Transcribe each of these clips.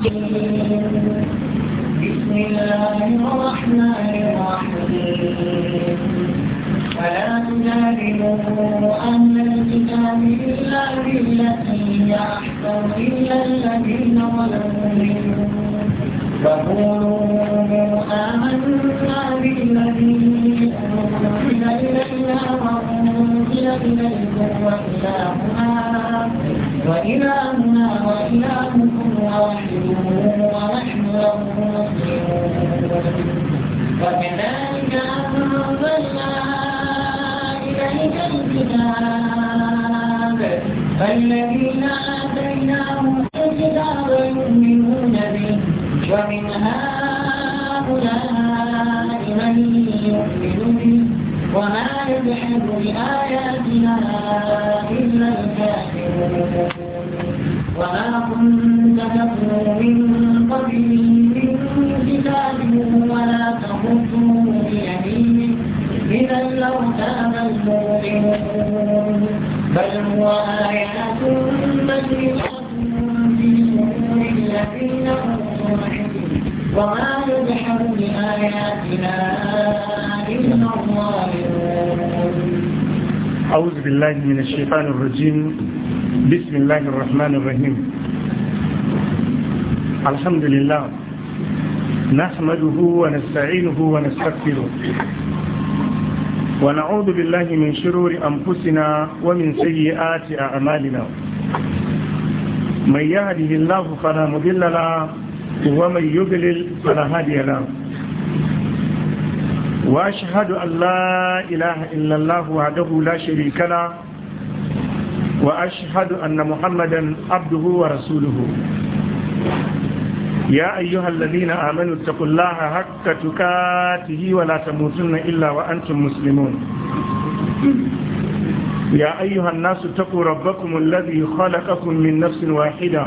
بسم الله الرحمن الرحيم فلا تجادلوا أهل الكتاب إلا بالتي أحسن إلا الذين ظلموا منهم وقولوا آمنا بالذي أنزل إلينا وأنزل إليكم وإلهنا وإلهنا وإلهكم واحد ونحن له وكذلك أنزلنا إليك الكتاب فالذين آتيناهم ومن هؤلاء من يؤمن وما يجحد بآياتنا إلا الكافرون وما كنت تتلو من قبله من كتاب ولا تخطه بيمينك إذا لو تاب المؤمنون بل هو آيات بينات في صدور الذين وما يجحد بآياتنا إلا الظالمون أعوذ بالله من الشيطان الرجيم بسم الله الرحمن الرحيم الحمد لله نحمده ونستعينه ونستغفره ونعوذ بالله من شرور أنفسنا ومن سيئات أعمالنا من يهده الله فلا مضل له ومن يضلل فلا هادي له وأشهد أن لا إله إلا الله وحده لا شريك له وأشهد أن محمدا عبده ورسوله يا أيها الذين آمنوا اتقوا الله حق تكاته ولا تموتن إلا وأنتم مسلمون يا أيها الناس اتقوا ربكم الذي خلقكم من نفس واحدة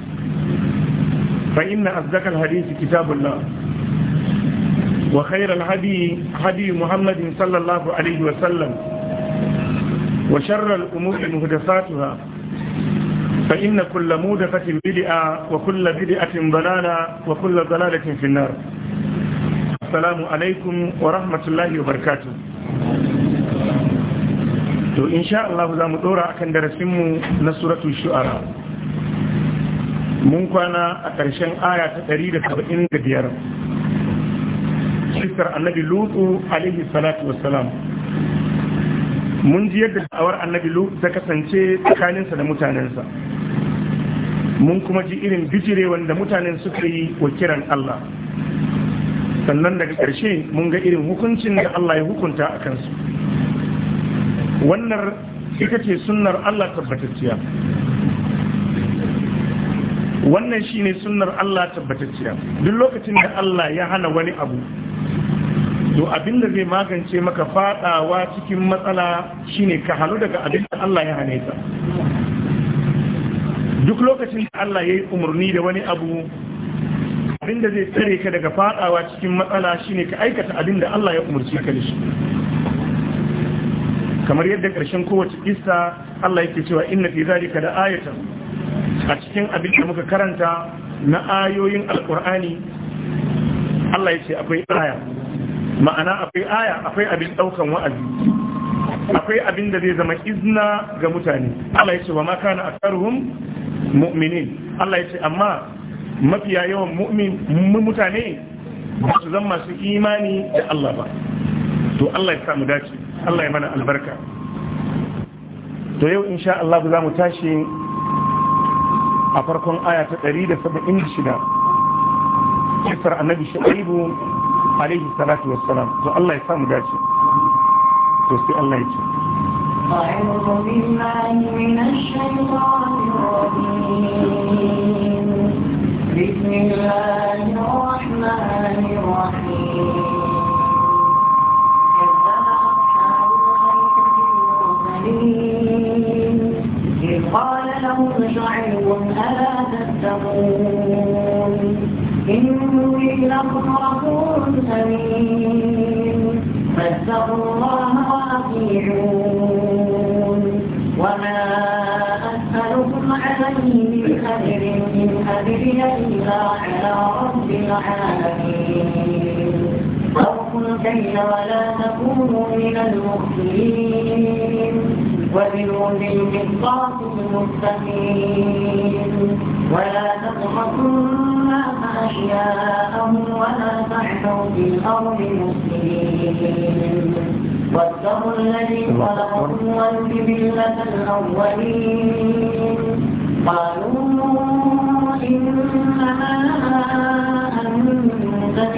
فإن أصدق الحديث كتاب الله وخير الهدي هدي محمد صلى الله عليه وسلم وشر الأمور مهدفاتها فإن كل مودفة بدئة وكل بدئة ضلالة وكل ضلالة في النار السلام عليكم ورحمة الله وبركاته to insha Allah za mu dora akan darasinmu na suratul shu'ara mun kwana a ƙarshen aya ta ɗari da 175 kisar annabi lutu alaihi salatu wassalam mun ji yadda da'awar annabi lutu ta kasance tsakaninsa da mutanensa mun kuma ji irin bijire wanda mutanen suka yi wa kiran Allah sannan daga ƙarshe mun ga irin hukuncin da Allah ya hukunta a kansu wannan ita ce sunnar Allah tabbatacciya wannan shine sunnar Allah tabbatacciya duk lokacin da Allah ya hana wani abu to abin da zai magance maka fadawa cikin matsala shine ka halu daga abin da Allah ya hane ta duk lokacin da Allah ya yi umarni da wani abu abin da zai tsare ka daga fadawa cikin matsala shine ka aikata abin da Allah ya umarci ka da shi kamar yadda ƙarshen kowace kissa Allah yake cewa inna fi zalika da ayatan a cikin abin da muka karanta na ayoyin alkur'ani Allah ya ce akwai aya ma'ana akwai aya akwai abin daukan wa'azi akwai abin da zai zama izna ga mutane Allah ya ce wa ma kana aktharuhum mu'minin Allah ya ce amma mafiya yawan mu'min mutane ba su zama masu imani da Allah ba to Allah ya samu dace Allah ya mana albarka to yau insha Allah za mu tashi a farkon aya ta 176 kisar annabi shu'aibu alaihi salatu wassalam to Allah ya samu dace to sai Allah ya ce أعوذ بالله من الشيطان الرجيم بسم الله الرحمن الرحيم كذب أصحاب الأيكة المرسلين لهم شعير ألا تتقون إني لكم رسول سليم فاتقوا الله وأطيعون وما أسألكم عليه من خير إن أجري إلا على رب العالمين أوفوا الكيل ولا تكونوا من المخسرين وزنوا بالمقصاص المستقيم ولا تبخسوا ما أحياءهم ولا تعثوا في الأرض مسلمين واتقوا الذي خلقكم والجبلة الأولين قالوا إنما أنت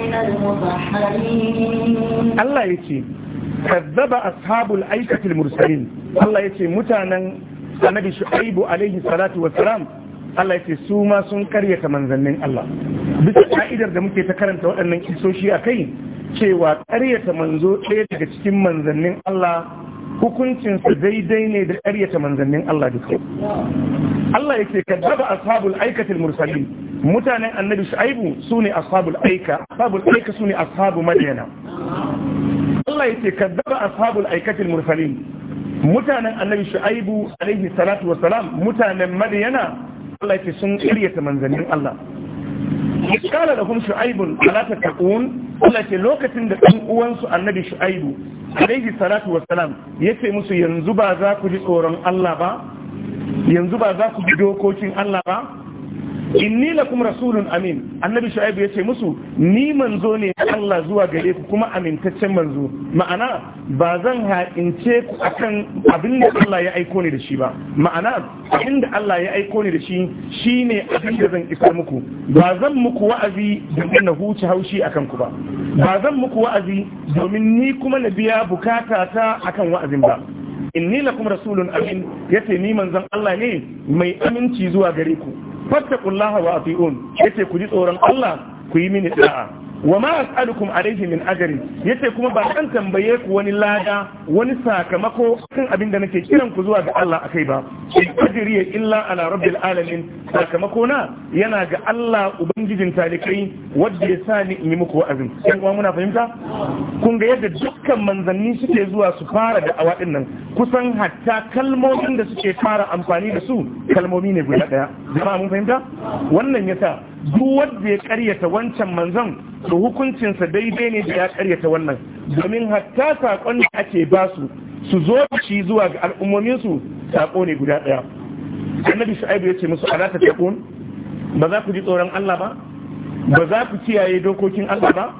من المسحرين الله يتيم kazzaba ashabul aikatil mursalin Allah yace mutanen annabi shu'aibu alaihi salatu wassalam Allah yace su ma sun karyata manzannin Allah bisa ka'idar da muke ta karanta waɗannan kisoshi a kai cewa karyata manzo ɗaya daga cikin manzannin Allah hukuncinsa daidai ne da karyata manzannin Allah duka Allah yake kazzaba ashabul aikatil mursalin mutanen annabi shu'aibu sune ashabul aika ashabul aika sune ashabu madyana Allah yake kaddaba ashabul aikatil mursalin mutanen annabi shu'aibu alaihi salatu wa salam mutanen madiyana Allah yake sun kiryata manzannin Allah kala da kun shu'aibun ala tattaqun Allah yake lokacin da dan uwansu annabi shu'aibu alaihi salatu wa salam yace musu yanzu ba za ku ji tsoron Allah ba yanzu ba za ku ji dokokin Allah ba inni lakum rasulun amin annabi shu'aib ce musu ni manzo ne Allah zuwa gare ku kuma amintaccen manzo ma'ana ba zan ha'ince ku akan abin da Allah ya aiko ni da shi ba ma'ana abin da Allah ya aiko ni da shi shine abin da zan isar muku ba zan muku wa'azi domin na huce haushi akan ku ba ba zan muku wa'azi domin ni kuma na biya bukata ta akan wa'azin ba inni lakum rasulun amin yace ni manzon Allah ne mai aminci zuwa gare ku fattakullaha wa ati'un yace ku ji tsoron Allah ku yi mini da'a wa ma as'alukum alayhi min ajrin yace kuma ba zan tambaye ku wani lada wani sakamako kan abin da nake kiran ku zuwa ga Allah akai ba in ajri illa ala rabbil alamin sakamako na yana ga Allah ubangijin talikai wanda ya sa ni in yi muku wa'azin kan kuma muna fahimta kun ga yadda dukkan manzanni suke zuwa su fara da awadin nan kusan hatta kalmomin da suke fara amfani da su kalmomi ne guda daya jama'a mun fahimta wannan yasa duk wanda ya karyata wancan manzon to hukuncinsa daidai ne da ya karyata wannan domin hatta saƙon da ake ba su su zo shi zuwa ga al'ummominsu saƙo ne guda ɗaya annabi shu'aibu ya ce musu ala ta taqun ba za ku ji tsoron Allah ba ba za ku kiyaye dokokin Allah ba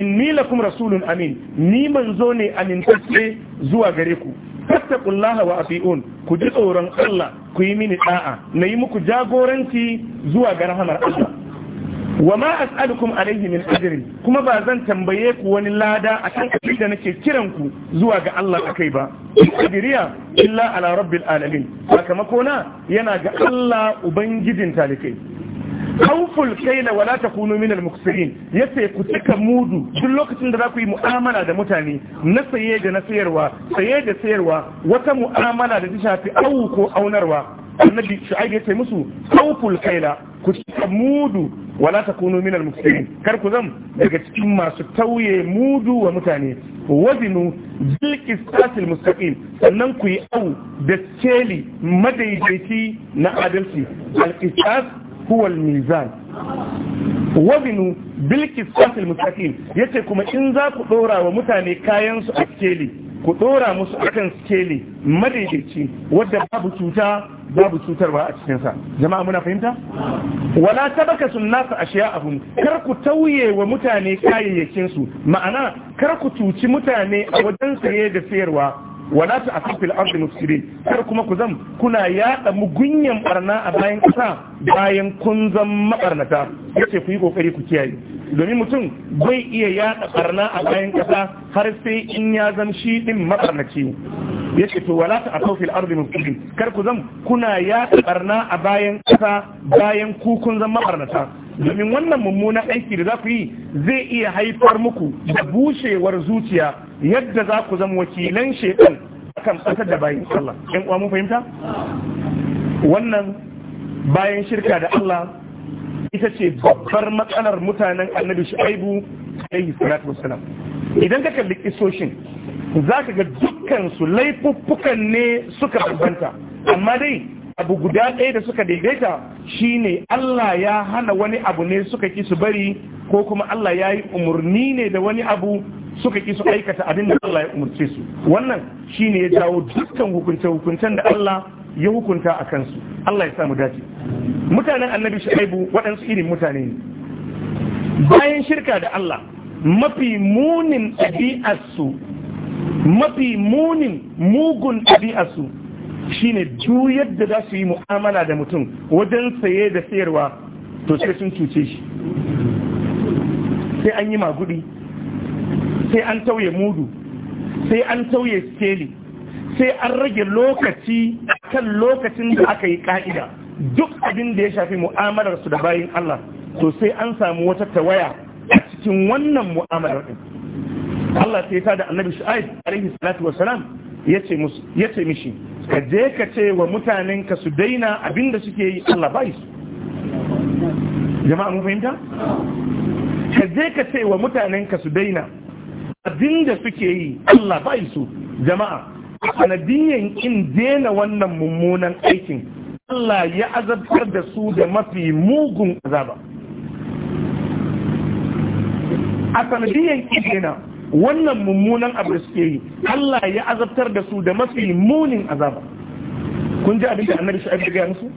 inni lakum rasulun amin ni manzo ne amintacce zuwa gare ku fattaqullaha wa afiun ku ji tsoron Allah ku yi mini da'a na yi muku jagoranci zuwa ga rahamar Allah wa ma as'alukum alayhi min ajrin kuma ba zan tambaye ku wani lada akan abin da nake kiran ku zuwa ga Allah akai ba ajriya illa ala rabbil alamin sakamako na yana ga Allah ubangijin talikai khawful kaila wala kunu min al muksirin yace ku cika mudu duk lokacin da za ku yi mu'amala da mutane na saye da na sayarwa saye da sayarwa wata mu'amala da ta shafi awu ko aunarwa annabi shu'aib ya ce musu saukul kaila ku cika mudu wala takunu minal kar ku zam daga cikin masu tauye mudu wa mutane wazinu bil qisatil mustaqim sannan ku yi au da celi madaidaici na adalci al qisas huwa al mizan wazinu bil qisatil mustaqim yace kuma in za ku dora wa mutane kayan su a celi ku dora musu akan scale madaidaici wadda babu cuta babu cutarwa a cikinsa jama'a muna fahimta wala tabaka sunnasa ashiya'ahum kar ku tauye wa mutane kayayyakinsu ma'ana kar ku cuci mutane a wajen saye da sayarwa wala ta afi fil ardi mufsidin kar kuma ku zam kuna yada mugunyan barna a bayan kasa bayan kun zam mabarnata yace ku yi kokari ku kiyaye domin mutum zai iya yada barna a bayan kasa har sai in ya zan shi din mabarnaci ya ce to wala ta atau fil ardi kar ku zan kuna yada barna a bayan kasa bayan ku zan mabarnata domin wannan mummunan aiki da za ku yi zai iya haifar muku da bushewar zuciya yadda za ku zama wakilan shekan akan tsakar da bayan Allah ɗan uwa mun fahimta wannan bayan shirka da Allah ita ce babbar matsalar mutanen annabi shu'aibu alaihi salatu wassalam idan ka kalli kisoshin za ka ga dukkan su laifuffukan ne suka bambanta amma dai abu guda ɗaya da suka daidaita shine Allah ya hana wani abu ne suka ki su bari ko kuma Allah ya yi umarni ne da wani abu suka ki su aikata abin da Allah ya umarce su wannan shine ya jawo dukkan hukunce hukuncen da Allah ya hukunta a kansu Allah ya samu dace mutanen annabi shu'aibu waɗansu irin mutane ne bayan shirka da Allah mafi munin ɗabi'arsu mafi munin mugun ɗabi'arsu shine duk yadda za su yi mu'amala da mutum wajen saye da sayarwa to sai sun cuce shi sai an yi magudi sai an tauye mudu sai an tauye skeli sai an rage lokaci kan lokacin da aka yi ka'ida duk abin da ya shafi mu'amalar su da bayin Allah to sai an samu wata tawaya a cikin wannan mu'amalar din Allah sai ta da annabi Shu'aib alaihi salatu wassalam yace musu yace mishi ka je ka ce wa mutanenka su daina abinda suke yi Allah bai su jama'a mun fahimta ka je ka ce wa mutanenka su daina abinda suke yi Allah bai su jama'a sanadiyan in daina wannan mummunan aikin Allah ya azabtar da su da mafi mugun azaba a sanadiyan in daina wannan mummunan abu da suke yi Allah ya azabtar da su da mafi munin azaba kun ji abin da annabi shu'aib ya gaya musu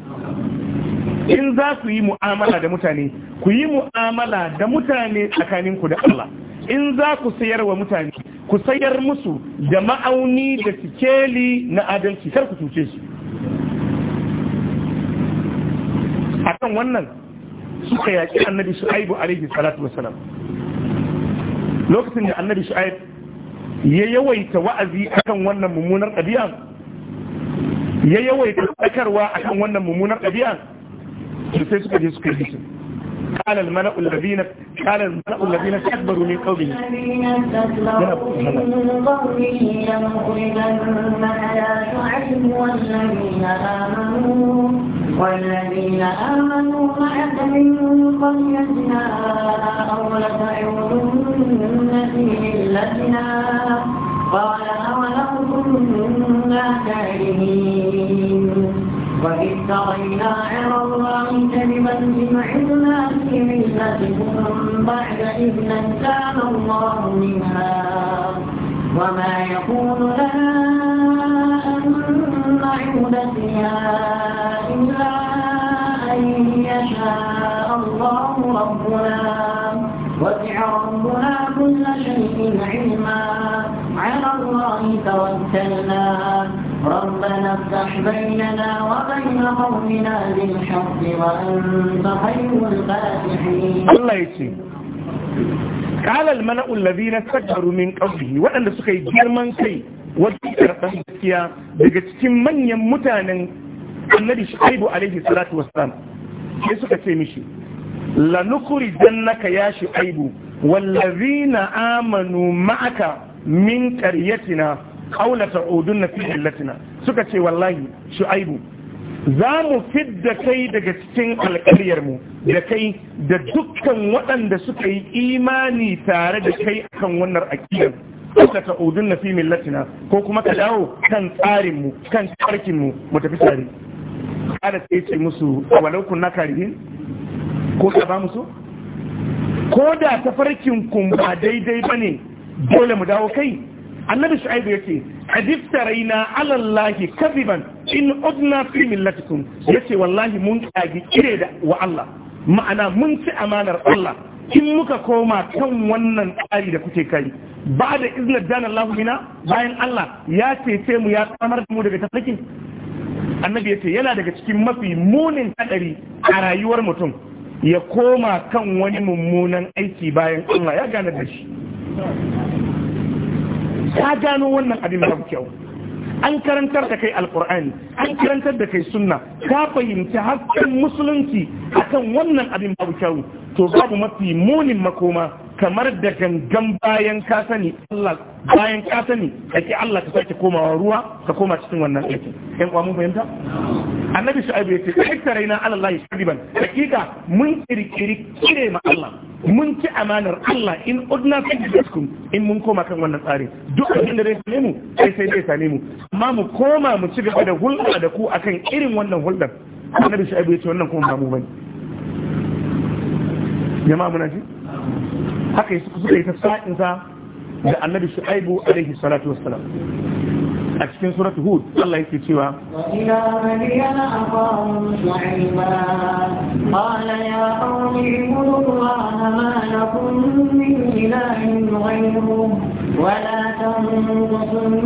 in za ku yi mu'amala da mutane ku yi mu'amala da mutane tsakaninku da Allah in za ku sayar wa mutane ku sayar musu da ma'auni da sikeli na adalci kar ku cuce su akan wannan suka yaƙi annabi shu'aibu alaihi salatu wasalam lokacin da annabi shu'aib ya yawaita wa'azi akan wannan mummunar ɗabi'an ya yawaita tsakarwa akan wannan mummunar ɗabi'an to sai suka je suka yi قال الملأ الذين قال الملأ الذين استكبروا من قومه الذين استكبروا من قومه لنخرجنك على شعيب والذين آمنوا والذين آمنوا معك من قريتنا أو لتعودن في ملتنا قال أولو كنا كارهين وإذ ترينا على الله كذبا إن في ملتكم بعد إذ نجانا الله منها وما يكون لنا أن نعود فيها الله ربنا وسع ربنا كل شيء علما على الله توكلنا ربنا افتح بيننا وبين قومنا بالحق وانت خير الفاتحين الله يسلمك قال الملأ الذين استكبروا من قومه وأن سكي جرمان كي wadda gaskiya daga cikin manyan mutanen annabi shaibu alaihi salatu wassalam sai suka ce mishi lanukuri jannaka ya shu'aibu wallazina amanu ma'aka min qaryatina qawla na fi illatina suka ce wallahi shu'aibu za mu fidda kai daga cikin alƙaryarmu da kai da dukkan waɗanda suka yi imani tare da kai akan wannan aƙidar Aulata, ta'udun na fi millatina ko kuma ka dawo kan tsarinmu kan tarkinmu mu tafi tare kada sai ce musu awalau kunna karihin ko ka ba musu ko da tafarkin kun ba daidai bane dole mu dawo kai annabi shu'aibu yake taraina ala Allah kadiban in udna fi millatikum yace wallahi mun kagi kire da wa Allah ma'ana mun ci amanar Allah in muka koma kan wannan tsari da kuke kai ba da iznar dan Allah mina bayan Allah ya cece mu ya samar da mu daga tafarkin annabi yace yana daga cikin mafi munin kadari a rayuwar mutum ya koma kan wani mummunan aiki bayan Allah ya gane da shi ya gano wannan abin babu kyau an karantar da kai alkur'ani an karantar da kai sunna ka fahimci hakkin musulunci akan wannan abin babu kyau to babu mafi munin makoma kamar da gangan bayan ka sani Allah bayan ka sani kake Allah ka sake komawa ruwa ka koma cikin wannan aikin annabi shu'aibu ce kai na ala Allah shadiban hakika mun kirkiri kire ma Allah mun ci amanar Allah in udna fi diskum in mun koma kan wannan tsari duk abin da zai same mu sai sai zai same mu amma mu koma mu ci gaba da hulɗa da ku akan irin wannan hulɗar annabi shu'aibu ce wannan kuma ba mu bane jama'a muna ji haka suka yi ta sa'in sa da annabi shu'aibu alaihi salatu wassalam a cikin surat hud Allah yake ya qawmi mulkullaha ma lakum min ilahin ghayru wa la tanqusun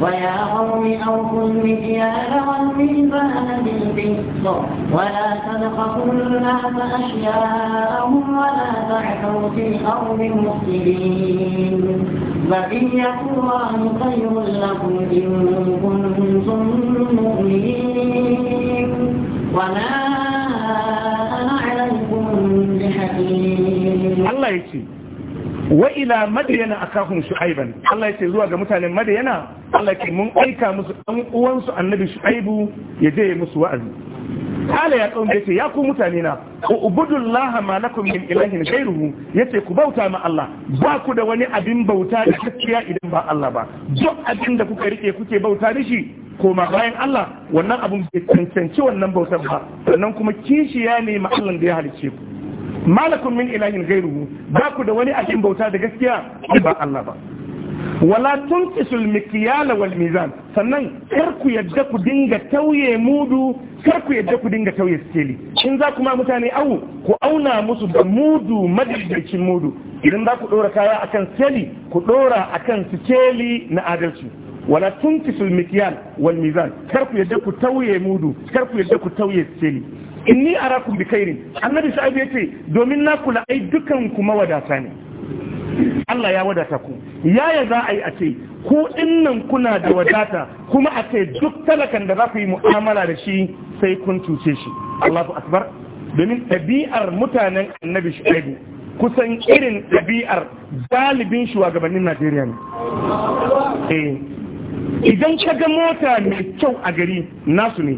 ويا قوم أوفوا المكيال والميزان بالقسط ولا تبخسوا الناس أشياءهم ولا تعثوا في الأرض مفسدين بقية الله خير لكم إن كنتم مؤمنين وما أنا عليكم بحكيم الله يكفي wa ila madyana akahum shu'aiban Allah yace zuwa ga mutanen madiyana Allah yake mun aika musu dan uwansu annabi shu'aibu ya je musu wa'azi kala ya kaum yace ya ku mutane na ubudullaha ma lakum min ilahin ghayruhu yace ku bauta ma Allah ba ku da wani abin bauta da gaskiya idan ba Allah ba duk abin da kuka rike kuke bauta da shi koma bayan Allah wannan abun bai cancanci wannan bautar ba sannan kuma kishiya ne ma Allah da ya halicce ku Malakun min ilahin gairu ba ku da wani abin bauta da gaskiya ba Allah ba wala tunqisul mikyala wal mizan sannan kar ku yadda ku dinga tauye mudu kar ku yadda ku dinga tauye sikeli in za ku ma mutane awu ku auna musu da mudu madaidaicin mudu idan za ku dora kaya akan sikeli ku dora akan sikeli na adalci wala tunqisul mikyal wal mizan kar ku yadda ku tauye mudu kar ku yadda ku tauye sikeli inni ku bi khairin annabi sa'ib ce domin na kula ai dukan ku mawadata ne Allah ya wadata ku yaya za a yi a ce ku dinnan kuna da wadata kuma a ce duk talakan da za ku yi mu'amala da shi sai kun cuce shi Allahu akbar domin ɗabi'ar mutanen annabi shu'aibu kusan irin ɗabi'ar galibin shugabannin Najeriya ne eh. idan ka ga mota mai kyau a gari nasu ne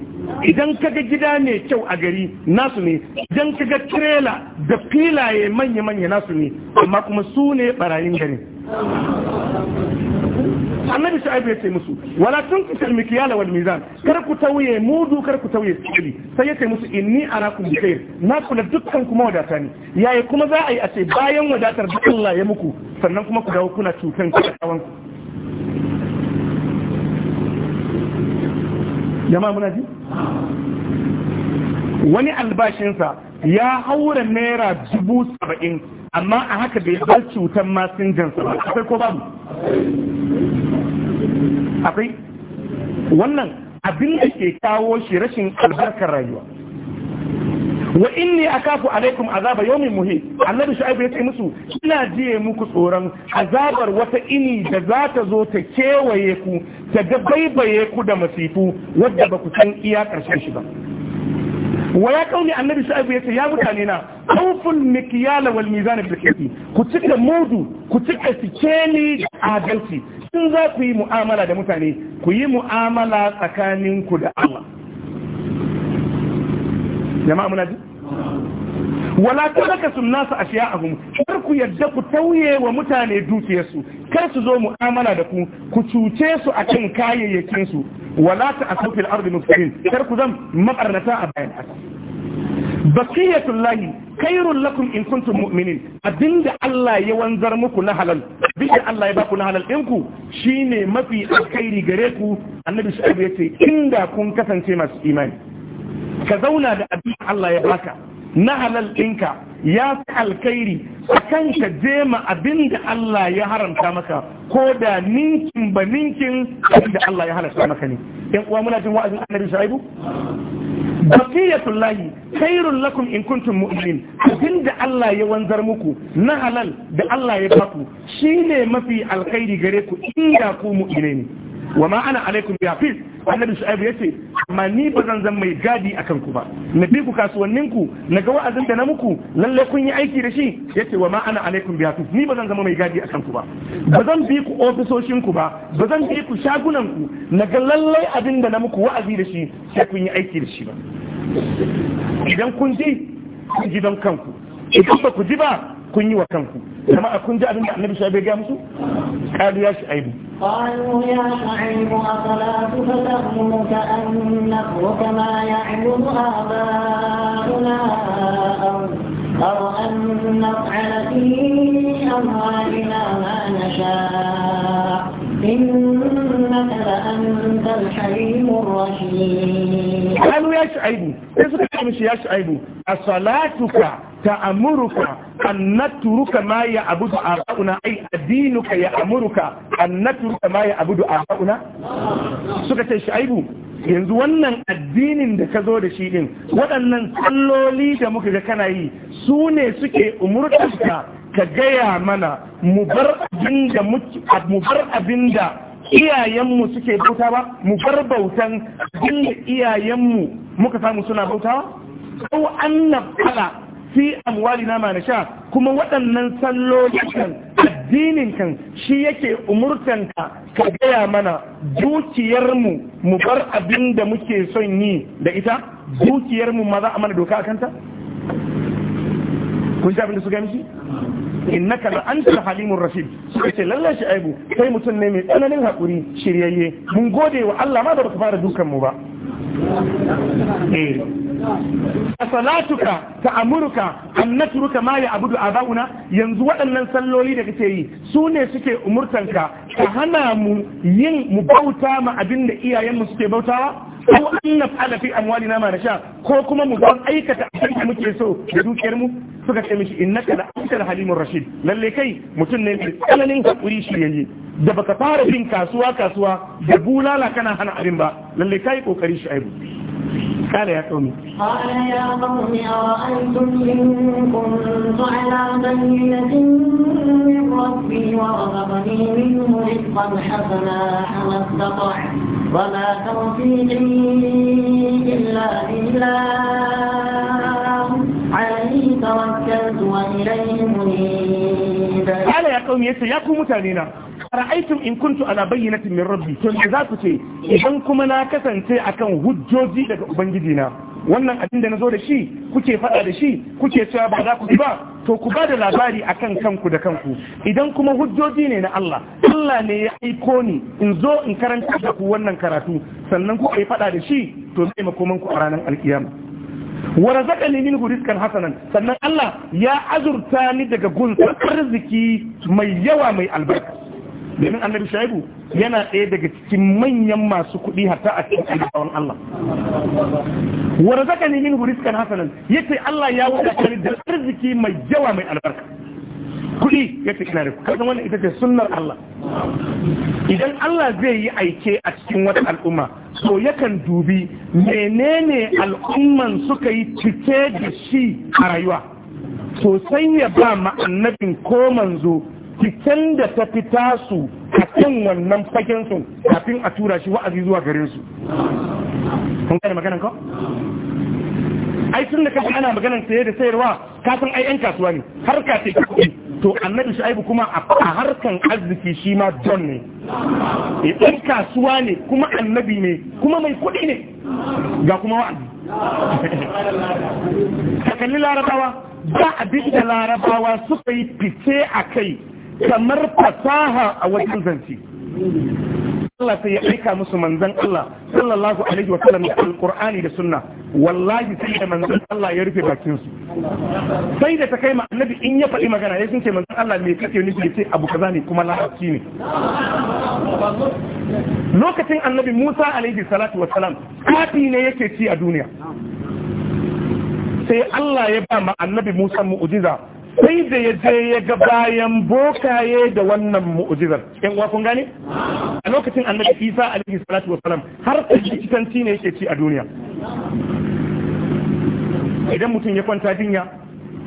idan ka ga gida mai kyau a gari nasu ne idan ka ga trailer da filaye manya-manya nasu ne amma kuma su ne barayin gari annabi shu'aib ya ce musu wala tun ku al yala wal mizan kar ku tauye mudu kar ku tauye sikili sai ya ce musu inni arakum bi khair na kula dukkan kuma wadata ne yayi kuma za a yi a ce bayan wadatar da Allah ya muku sannan kuma ku dawo kuna cutan ku jama'a muna ji wani albashinsa ya haura naira dubu saba'in amma a haka bai bar cutar masinjansa ba akwai ko babu akwai wannan abin da ke kawo shi rashin albarkar rayuwa wa inni akafu alaikum azaba yawmin muhi annabi shu'aib ya musu ina jiye muku tsoron azabar wata ini da za ta zo ta kewaye ku ta dabaibaye ku da masifu wadda ba ku san iya karshen shi ba wa ya kauni annabi shu'aib ya ce ya mutane na kawful mikyala wal mizan bil qisti ku cika mudu ku cika sikeli adalci in za ku yi mu'amala da mutane ku yi mu'amala tsakaninku da Allah jama'a muna ji wala a sunnasa abu. kar ku yadda ku tauye wa mutane dukiyarsu kar su zo mu'amala da ku ku cuce su a kan kayayyakinsu, wala a fil ardi mufsidin kar ku zan mabarnata a bayan haka baqiyatul lahi khairul lakum in kuntum mu'minin abinda Allah ya wanzar muku na halal bisa Allah ya baku na halal din ku shine mafi alkhairi gare ku annabi sallallahu ya ce, yace inda kun kasance masu imani ka zauna da abin Allah ya baka na halal ɗinka ya fi alkhairi a kan ka jema abin da Allah ya haramta maka ko da ninkin ba ninkin abin da Allah ya haramta maka ne yan uwa muna jin wa'azin annabi shaibu basiyatullahi khairul lakum in kuntum mu'minin abin da Allah ya wanzar muku na halal da Allah ya baku shine mafi alkhairi gare ku inda ku mu'mine ne wa ma ana alaikum bi hafiz annabi shu'aib yace amma ni ba zan zan mai gadi akan ku ba na bi ku kasuwannin ku na ga wa'azin da na muku lalle kun yi aiki da shi yace wa ma ana alaikum bi hafiz ni ba zan zama mai gadi akan ku ba ba zan bi ku ofisoshin ku ba ba zan bi ku shagunan ku na ga lalle abin da na muku wa'azi da shi sai kun yi aiki da shi ba idan kun ji ku ji don kanku idan ba ku ji ba kun yi wa kanku jama'a kun ji abin da annabi shi bai ga musu qalu ya shu'aibu qalu ya shu'aibu asalatu fatamuka an nakhruka ma ya'budu abauna أو أن نفعل في أموالنا ما نشاء إنك لأنت الحليم الرشيد قالوا يا شعيب إذا كنت يا شعيب أصلاتك ta'amuruka an natruka ma ya abudu aba'una ai suka ce yanzu wannan addinin da ka zo da shi din waɗannan tsalloli da muka ga kana yi su ne suke umurtarka ka gaya mana mu bar abin da iyayenmu suke bauta ba mu bar bautan abin da iyayenmu muka samu suna bauta ba ko an na fi amwalina ma nasha kuma waɗannan sallolin kan addinin kan shi yake umurtanka ka gaya mana dukiyarmu mu bar abin da muke son yi da ita dukiyarmu ma za a mana doka a kanta kun sha abin da su gamshi innaka la anta halimur rashid suka ce lallai shi aibu kai mutum ne mai tsananin hakuri shiryayye mun gode wa Allah ma da baka fara dukan mu ba Eh. a salatuka ta amurka an naturuka ma ya abudu zauna, yanzu waɗannan salloli da kake yi su ne suke umurtanka ka hana mu yin mu bauta ma abin da iyayenmu suke bautawa ko an na fa'ala fi na ma sha ko kuma mu zan aikata abin da muke so da dukiyar mu suka ce mishi innaka la antal halimur rashid lalle kai mutum ne mai tsananin hakuri shi yayi da baka fara bin kasuwa kasuwa da bulala kana hana abin ba lalle kai kokari shi aibu قال يا قوم قال يا قوم أرأيتم إن كنت على بينة من ربي ورزقني منه رزقا حسنا فما استطعت وما توفيقي إلا بالله عليه توكلت وإليه منيب قال يا قوم يا قوم ara'aytum in kuntu ala bayyinatin min rabbi to za ku ce idan kuma na kasance akan hujjoji daga ubangiji na wannan abin da nazo da shi kuke faɗa da shi kuke cewa ba za ku yi ba to ku ba da labari akan kanku da kanku idan kuma hujjoji ne na Allah Allah ne ya aiko ni in zo in karanta da ku wannan karatu sannan ku kai faɗa da shi to zai makoman ku a ranar alkiyama wa razaqani min rizqan hasanan sannan Allah ya azurta ni daga gunsa arziki mai yawa mai albarka domin annabi shaibu yana ɗaya daga cikin manyan masu kuɗi hatta a cikin annabawan Allah wa razaqani min rizqan hasanan yace Allah ya wadata da arziki mai yawa mai albarka kuɗi yace ina da kasan wannan ita ce sunnar Allah idan Allah zai yi aike a cikin wata al'umma so yakan dubi menene al'umman suka yi cike da shi a rayuwa sosai ya ba ma ko manzo cikin da ta fi tasu a kan wannan su kafin a tura shi wa'azi zuwa gare su kun gane maganan ka? ai tun da kashi ana maganan saye da sayarwa kasan ai yan kasuwa ne ka ce kuɗi to annabi shu'aibu kuma a harkan arziki shi ma don ne yan eh, kasuwa ne kuma annabi ne kuma mai kuɗi ne ga kuma wa'azi ka kalli larabawa ba bi da larabawa suka yi fice a kai kamar fasaha a wajen zance Allah sai ya aika musu manzan Allah sallallahu alaihi wa sallam da alqur'ani da sunna wallahi sai da manzan Allah ya rufe bakin su sai da ta kai ma annabi in ya faɗi magana ya sunce manzan Allah me kake nufi sai abu kaza ne kuma lahaci ne lokacin annabi Musa alaihi salatu wa salam kafi ne yake ci a duniya sai Allah ya ba ma annabi Musa mu'jiza sai da ya je ya ga bayan bokaye da wannan mu'ujizar yan uwa kun gane a lokacin annabi Isa alaihi salatu salam har kitanci ne yake ci a duniya idan mutum ya kwanta jinya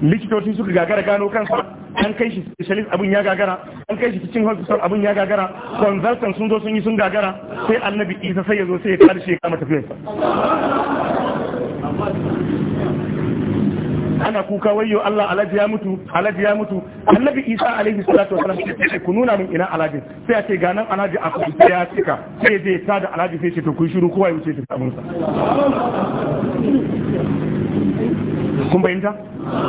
likitoci suka gagara gano kansa an kai shi specialist abin ya gagara an kai shi cikin hospital abin ya gagara consultant sun zo sun yi sun gagara sai annabi isa sai ya zo sai ya shi ya kama tafiyarsa ana kuka wayo Allah alaji ya mutu alaji ya mutu annabi Isa alaihi salatu salam sai ku nuna min ina alaji sai a ce ga nan alaji a kudu ya cika sai zai ta da alaji sai ce to kun shiru kowa ya wuce ta sa. kun bayyanta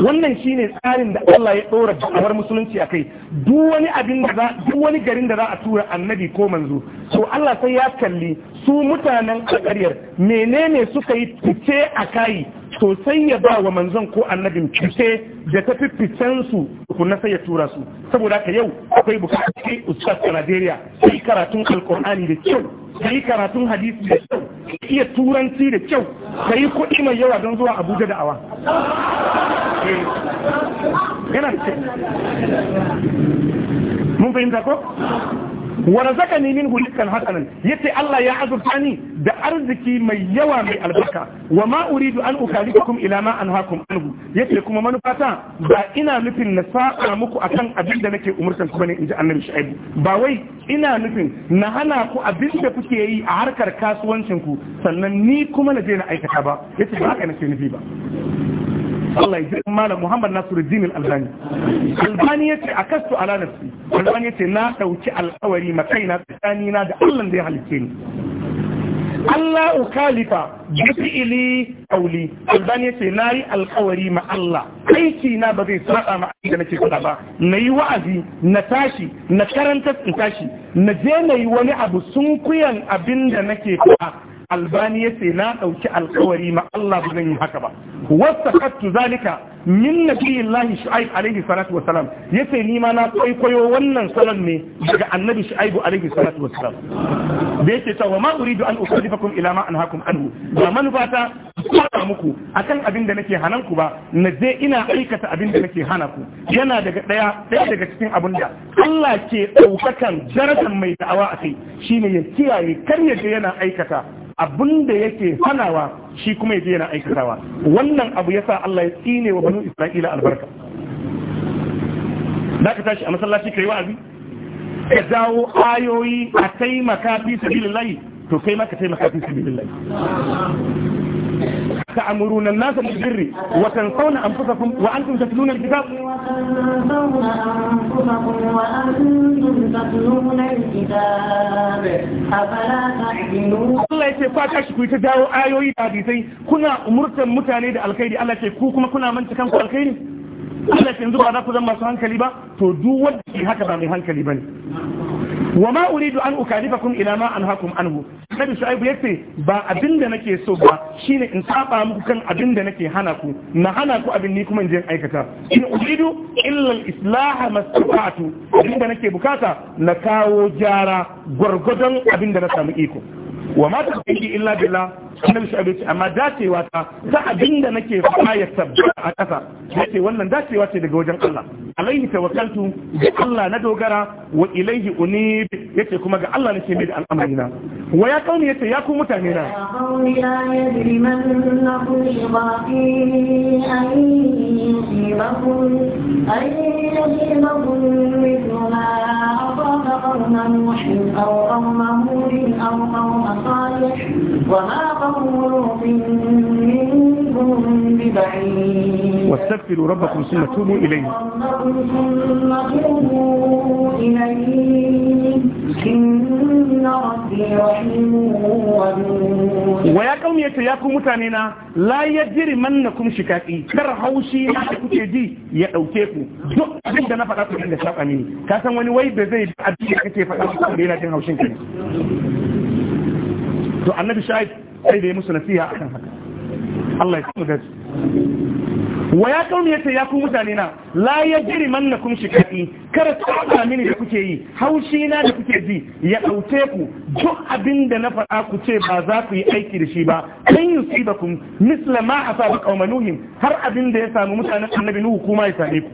wannan shine tsarin da Allah ya dora da'awar musulunci akai duk wani abin da duk wani garin da za a tura annabi ko manzo to Allah sai ya kalli su mutanen alƙaryar menene suka yi fice a kai Sosai ya ba wa manzon ko annabin fice da ta su ficensu na sai ya tura su saboda ka yau akwai bukatar ustaz a Najeriya sai karatun alkur'ani da kyau sai karatun hadisi da kyau iya turanci da kyau sai kuɗi mai yawa don zuwa Abuja da awa eh, mun fahimta ko wa ne min rizqan hasanan yace Allah ya azurta ni da arziki mai yawa mai albarka wa ma uridu an ukalikum ila ma anhaakum anhu yace kuma manufata ba ina nufin na saka muku akan abin da nake umurtan ku bane inji Annabi Shu'aib ba wai ina nufin na hana ku abin da kuke yi a harkar kasuwancin ku sannan ni kuma na je na aikata ba yace ba haka nake nufi ba Allah ya ji malam Muhammad Nasiruddin Al-Albani Albani yace a ala nafsi Albani yace na ɗauki alƙawari makaina tsakani na da Allah da ya halice ni Allah ukalifa bifi'ili qawli Albani na yi alƙawari ma Allah aiki na ba zai saba ma aiki da nake faɗa ba yi wa'azi na tashi na karanta in tashi na je nayi wani abu sunkuyan da nake faɗa albani ya ce na ɗauki alkawari ma Allah ba zan yi haka ba wasta kattu zalika min nabiyillahi shu'aib alaihi salatu wassalam yace ni ma na kwaikwayo wannan salon ne daga annabi shu'aib alaihi salatu wassalam da yake cewa ma uridu an ukadifakum ila ma anhaakum anhu ba manufata fara muku akan abin da nake hanan ku ba na je ina aikata abin da nake hana ku yana daga daya daya daga cikin abin da Allah ke daukakan darajar mai da'awa a kai shine ya kiyaye kar ya je yana aikata abin da yake hanawa shi kuma ya je yana aikatawa wannan abu yasa Allah ya tsine wa banu isra'ila albarka da ka tashi a masallaci kai wa'azi ka dawo ayoyi a taimaka fi sabilillahi to kai ma ka taimaka fi sabilillahi تأمرون الناس بالبر وتنسون أنفسكم وأنتم تتلون الكتاب وتنسون أنفسكم وأنتم تتلون الكتاب أفلا تعقلون Allah ya ce fata shi ku yi ta dawo ayoyi da hadisai kuna umurtan mutane da alkhairi Allah ce ku kuma kuna manta kanku alkhairi ce yanzu ba za ku zama masu hankali ba to duk wanda haka ba mai hankali ne. wa ma uridu an ukalifakum ila ma anhaakum anhu nabi shu'aib yace ba abinda da nake so ba shine in saba muku kan abinda da nake hana ku na hana ku abin ni kuma in je aikata in uridu illa al-islah mastata'tu abin da nake bukata na kawo jara gwargwadon abinda na samu iko wa ma tafi illa billah annabi shi abinci amma dacewa ta ta abinda nake fama ya tabbata a ƙasa yace wannan dacewa ce daga wajen Allah alaihi tawakkaltu ga Allah na dogara wa ilaihi unib yace kuma ga Allah nake mai da al'amari na wa ya kauni yace ya ku mutane na ya قوم هود وما قول منهم ببعيد واستغفروا ربكم ثم توبوا إليه إن ربي رحيم ويا قوم يتو يا قوم متانينا لا يجري منكم شكاكي كر حوشي كوتي دي يا اوكيكو دوك ابين نفدا تو دا شاكاني وني واي بزي ابي كتي فدا دينا دين حوشين to annabi shahid sai da ya musu nasiha akan haka Allah ya kuma gaji wa ya kawo ya ku mutane na la ya jiri manna kum shikaki kada ku saba mini da kuke yi haushi na da kuke ji ya dauke ku duk abin da na faɗa ku ce ba za ku yi aiki da shi ba kan yusibakum misla ma asaba qauma nuhim har abin da ya samu mutanen annabi nuhu kuma ya same ku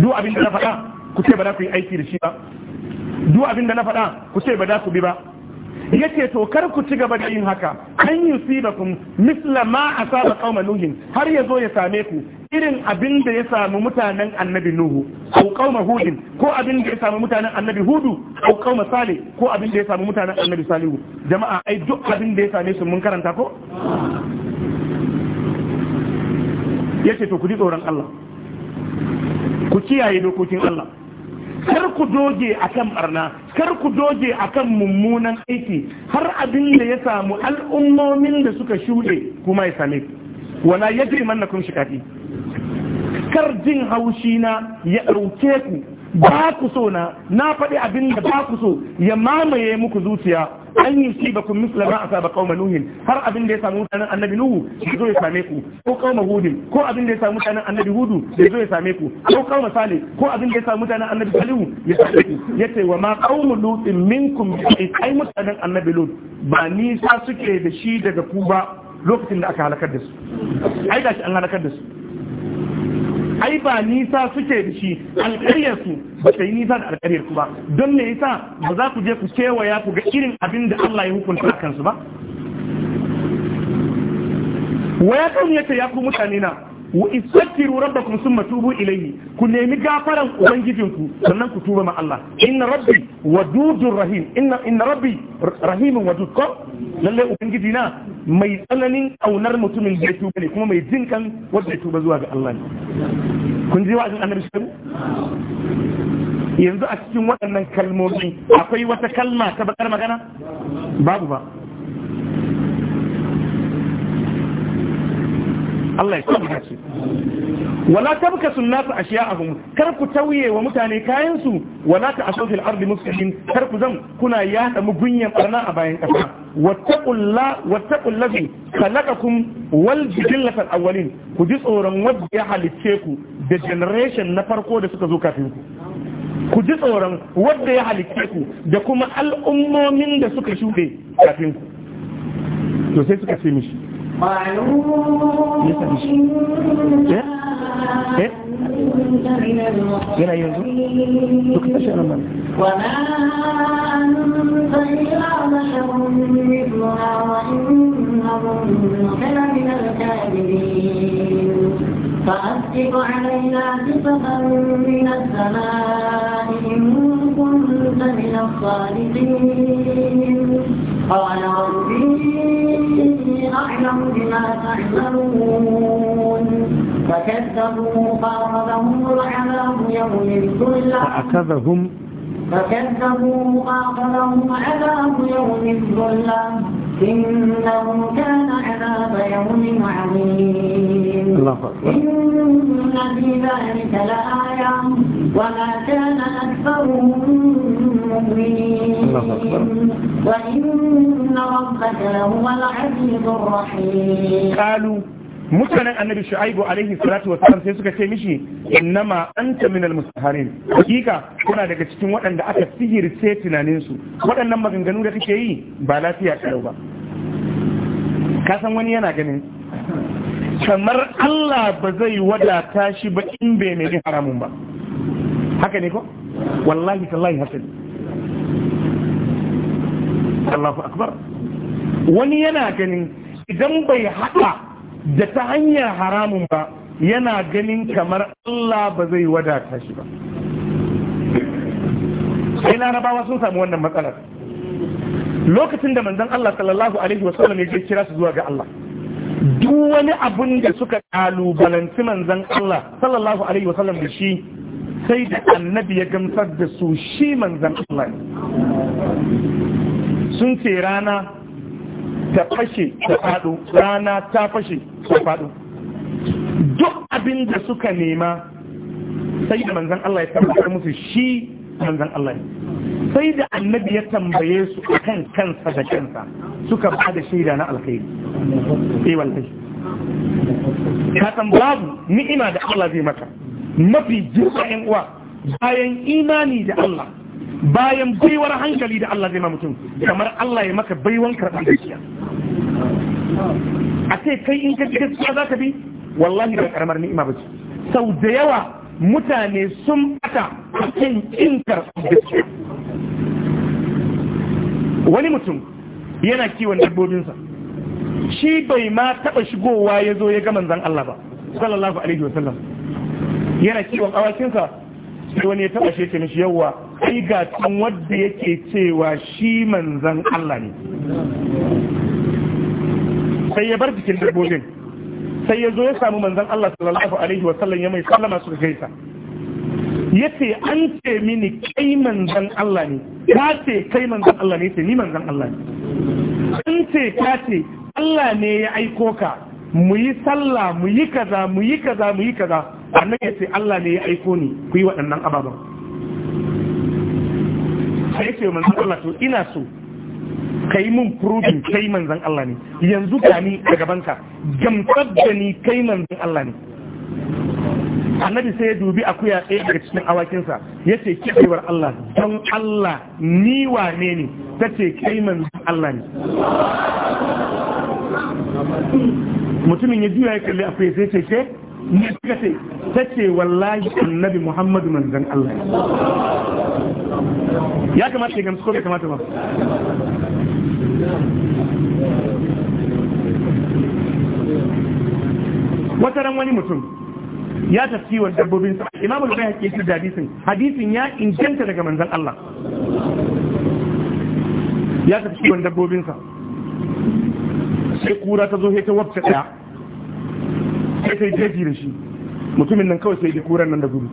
duk abin da na faɗa ku ce ba za ku yi aiki da shi ba duk abin da na faɗa ku ce ba za ku bi ba yace to kar ku ci gaba da yin haka an yi kun misla ma a saba kauma nuhin har yazo ya same ku irin abin da ya samu mutanen annabi nuhu ko kauma hudin ko abin da ya samu mutanen annabi hudu ko kauma sale ko abin da ya samu mutanen annabi salihu jama'a ai duk abin da ya same su mun karanta ko yace to ku ji tsoron Allah ku kiyaye dokokin Allah kar ku doge akan barna kar ku doge akan mummunan aiki har abin da ya samu al'ummomin da suka shuɗe kuma ya same ku wala mannakum shikati kar jin haushi na ya ɗauke ku ba ku so na na faɗi abin da ba ku so ya mamaye muku zuciya an yi shi ba kun misla ma a saba kauma nuhin har abin da ya samu mutanen annabi nuhu ya zo ya same ku ko kauma hudin ko abin da ya samu mutanen annabi hudu ya zo ya same ku ko kauma sale ko abin da ya samu mutanen annabi salihu ya same ku ya ce wa ma min kun minkum ai mutanen annabi lut ba nisa suke da shi daga ku ba lokacin da aka halakar da su ai gashi an halakar da su ai ba nisa suke da shi su ba ta yi nisa da ku ba don me yasa ba za ku je ku kewaya ku ga irin abin da Allah ya hukunta a kansu ba ya kan yake ya ku mutane na wa istaghfiru rabbakum thumma tubu ilayhi ku nemi gafaran ku sannan ku tuba ma Allah inna rabbi wadudur rahim inna inna rabbi rahimun wadud ko lalle ubangiji na mai tsananin aunar mutumin da tuba ne kuma mai jinkan kan wanda ya tuba zuwa ga Allah ne kun ji wa'azin annabi sallallahu yanzu a cikin waɗannan kalmomi akwai wata kalma ta bakar magana babu ba Allah ya samu shi. wala tabkasu nasu ashiya'ahum kar ku tauye wa mutane kayan su wala ta'asu fil ardi mufsidin kar ku zan kuna yada mugunyan barna a bayan kasa wattaqulla wattaqullazi khalaqakum wal jillatal awwalin ku ji tsoron wanda ya halicce ku da generation na farko da suka zo kafin ku ku ji tsoron wanda ya halicce ku da kuma al'ummomin da suka shuɗe kafin ku to sai suka ce mishi yana yanzu duk tashi nan man وما أنت إلا بشر مثلنا وإن نظنك لمن الكاذبين فأسقط علينا كسفا من السماء إن كنت من الصادقين قال رب بما تعملون فكذبوا فأخذهم العذاب يوم الظلة فأخذهم فكذبوا فأخذهم عذاب يوم الظلة إنه كان عذاب يوم عظيم إن في ذلك لآية وما كان أكثرهم العظيم قالوا mutanen annabi shu'aibu alaihi salatu wa salam sai suka ce mishi innama anta min almusaharin hakika kuna daga cikin waɗanda aka sihirce tunanin su waɗannan maganganu da kake yi ba lafiya kalau ba ka san wani yana ganin kamar Allah ba zai wadata shi ba in bai nemi haramun ba haka ne ko wallahi tallahi hasan Allahu akbar wani yana ganin idan bai haɗa da ta hanyar haramun ba yana ganin kamar Allah ba zai wadata shi ba sai larabawa sun samu wannan matsalar lokacin da manzon Allah sallallahu alaihi wa sallam ya kira su zuwa ga Allah duk wani abun da suka kalubalanci manzon Allah sallallahu alaihi wa sallam da shi sai da annabi ya gamsar da su shi manzon Allah sun ce rana ta fashe ta faɗo rana ta fashe ta faɗo duk abin da suka nema sai da manzan Allah ya tabbatar musu shi manzan Allah sai da annabi ya tambaye su kan kansa da kansa suka ba da shaida na alkhairi eh wallahi ka san babu ni'ima da Allah zai maka mafi 'yan uwa bayan imani da Allah bayan baiwar hankali da Allah zai ma mutum kamar Allah ya maka baiwan karɓar gaskiya a ce kai in ka gaskiya za ka bi wallahi da karamar ni'ima ba ce sau da yawa mutane sun bata a kan in karɓar gaskiya wani mutum yana kiwon dabbobinsa shi bai ma taɓa shigowa ya zo ya gama zan Allah ba sallallahu alaihi wasallam yana kiwon awakinsa sai wani ya taɓa shi ya ce mishi yawwa sai ga tun wadda yake cewa shi manzan Allah ne sai ya bar jikin dabbobin sai ya zo ya samu manzan Allah sallallahu alaihi wa sallam ya mai sallama su gaisa ya ce an ce mini kai manzan Allah ne ya ce kai manzan Allah ne ce ni manzan Allah ne an ce ka ce Allah ne ya aiko ka mu yi sallah mu yi kaza mu yi kaza mu yi kaza annabi ya ce Allah ne ya aiko ni ku yi waɗannan ababen Ka ya ce manzan Allah to ina so ka yi min furudin kai manzan Allah ne yanzu ga ni a gabanka gamsar da ni kai manzan Allah ne annabi sai ya dubi akuya ɗaya daga cikin awakinsa ya ce kiɗewar Allah don Allah ni wane ne ta ce kai manzan Allah ne mutumin ya juya ya kalli akuya sai ce ke ne suka ce ta ce wallahi annabi muhammadu manzan Allah ya kamata ya gamsu ko bai kamata ba wata ran wani mutum ya tafi dabbobin sa, imamu da bai haƙe shi da hadisin hadisin ya inganta daga manzan Allah ya tafi dabbobin sa, sai kura ta zo ta wabta ɗaya sai sai jeji da shi mutumin nan kawai sai da kuran nan da gudu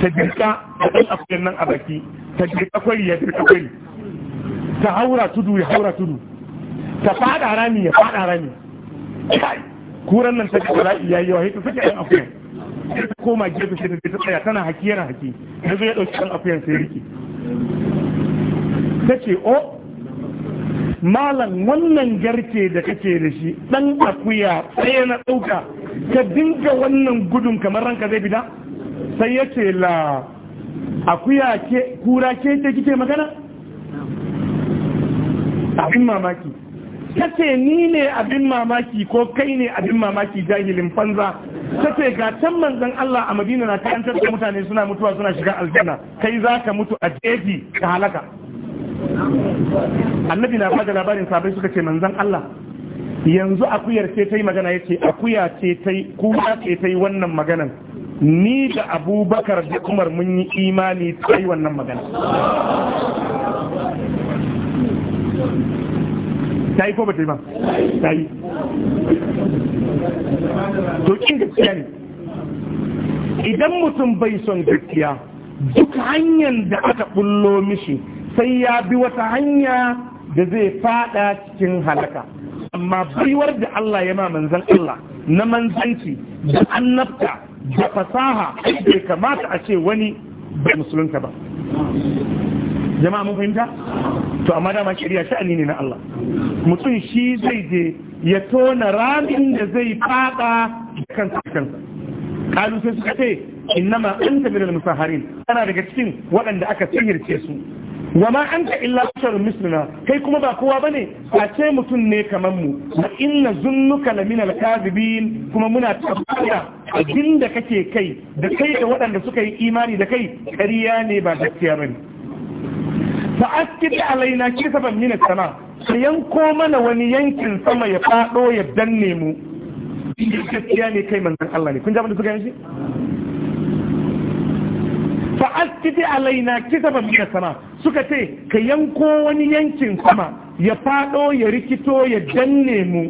ta girka a ɗan afirin nan a baki ta girka kwari ya girka kwari ta haura tudu ya haura tudu ta fada rami ya fada rami kuran nan ta ji bala'i ya yi yawa ta sake ɗan afirin sai ta koma gefe sai ta tsaya tana haki yana haki yanzu ya ɗauki ɗan afirin sai riki ta ce o oh, malam wannan garke da kake da shi dan akuya tsaye na ɗauka ka dinga wannan gudun kamar ranka zai bida sai ya ce la akuya ke kura ke ce kike magana abin mamaki kace ni ne abin mamaki ko kai ne abin mamaki jahilin fanza kace ga can manzon Allah a Madina na karantar da mutane suna mutuwa suna shiga aljanna kai zaka mutu a jeji ka halaka annabi na faɗa labarin sabai suka ce manzan Allah yanzu akuyar ce ta yi magana ya ce akuya ce ta yi kuma ce ta yi wannan maganan ni da abubakar da umar mun yi imani ta yi wannan magana ta yi ko ba ta yi ba ta yi to kin gaskiya ne idan mutum bai son gaskiya duk hanyar da aka bullo mishi sai ya bi wata hanya da zai fada cikin halaka amma baiwar da Allah ya ma manzan Allah na manzanci da annabta da fasaha bai kamata a ce wani ba musulunta ba jama'a mun fahimta to amma dama shari'a sha'ani ne na Allah mutum shi zai je ya tona ramin da zai fada da kansa kansa kalu sai suka ce innama anta minal musaharin kana daga cikin waɗanda aka sihirce su wa ma ta illa bashar misluna kai kuma ba kowa bane a ce mutum ne kamar mu na inna zunnuka na min al kuma muna tabbata abinda kake kai da kai da waɗanda suka yi imani da kai ƙarya ne ba gaskiya bane fa askid alaina kisaban min as-sama ka yanko mana wani yankin sama ya fado ya danne mu gaskiya ne kai manzon Allah ne kun ji abin da suka yi shi fa askiti alaina kitaba min sama suka ce ka yanko wani yankin sama ya fado ya rikito ya danne mu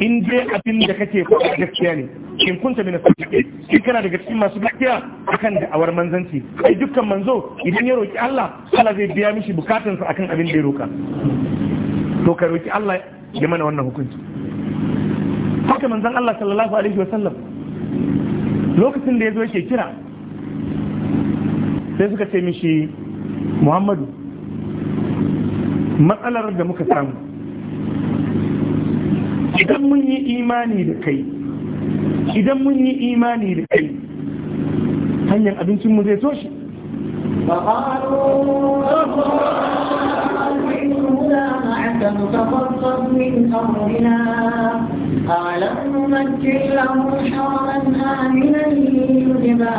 in je abin da kake faɗa gaskiya ne in kunta min sadiqi in kana daga cikin masu gaskiya akan awar manzanci ai dukkan manzo idan ya roki Allah Allah zai biya mishi a akan abin da ya roka to ka roki Allah ya mana wannan hukunci haka manzon Allah sallallahu alaihi wasallam lokacin da ya zo yake kira sai suka ce mishi muhammadu matsalar da muka samu idan mun yi imani da kai idan mun yi imani da kai hanyar abincin mu zai toshe فتصدق من أمرنا ألم نمكن له حرما آمنا يجبى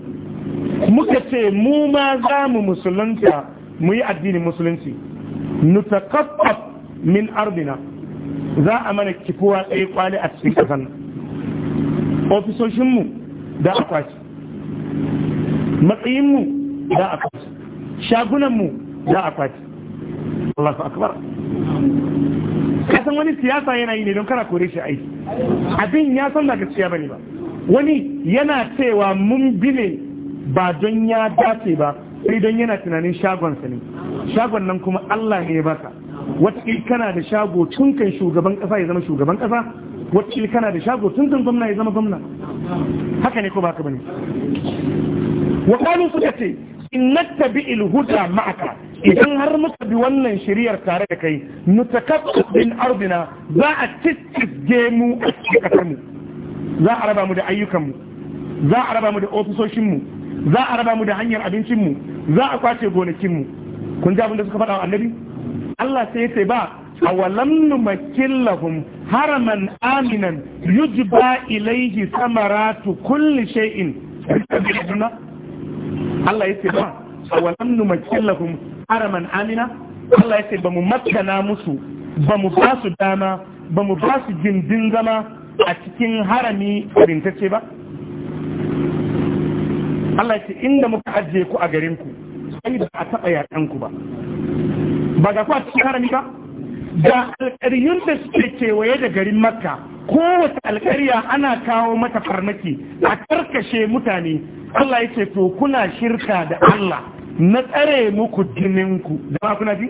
muka ce mu ma za mu musulunta mu yi addinin musulunci nutakaffaf min ardina za a mana kifuwa ɗaya kwali a cikin nan ofisoshinmu da akwati matsayinmu da akwati shagunanmu da akwati Allah su akbar kasan wani siyasa yana yi ne don kana kore shi aiki abin ya san da gaskiya bane ba wani yana cewa mun bi ne ba don ya dace ba sai don yana tunanin shagonsa ne shagon nan kuma Allah ne ya baka wata kana da shago tun kan shugaban kasa ya zama shugaban kasa wata kana da shago tun kan gwamna ya zama gwamna haka ne ko ba ka bane wa qalu suka ce in nattabi al huda ma'aka idan har muka bi wannan shiriyar tare da kai nutakassu bin ardina za a tiske mu a cikin kasar mu za a raba mu da ayyukan mu za a raba mu da ofisoshin mu za a raba mu da hanyar abincinmu za a kwace gonakinmu kun ji abin da suka faɗa wa annabi Allah sai ce ba a walam numakin lahum haraman aminan yujba ilaihi samaratu kulli shay'in Allah ya ce ba a walam numakin lahum haraman amina Allah ya ce ba mu makana musu ba mu ba su dama ba mu ba su gindin zama a cikin harami abintacce ba Allah ya ce inda muka ajiye ku a garin ku sai da a taɓa yaƙan ku ba ba ga ku a cikin harami ba da alƙaryun da suke kewaye da garin makka kowace alƙarya ana kawo mata farmaki a karkashe mutane Allah ya ce to kuna shirka da Allah na tsare muku jininku da kuna ji?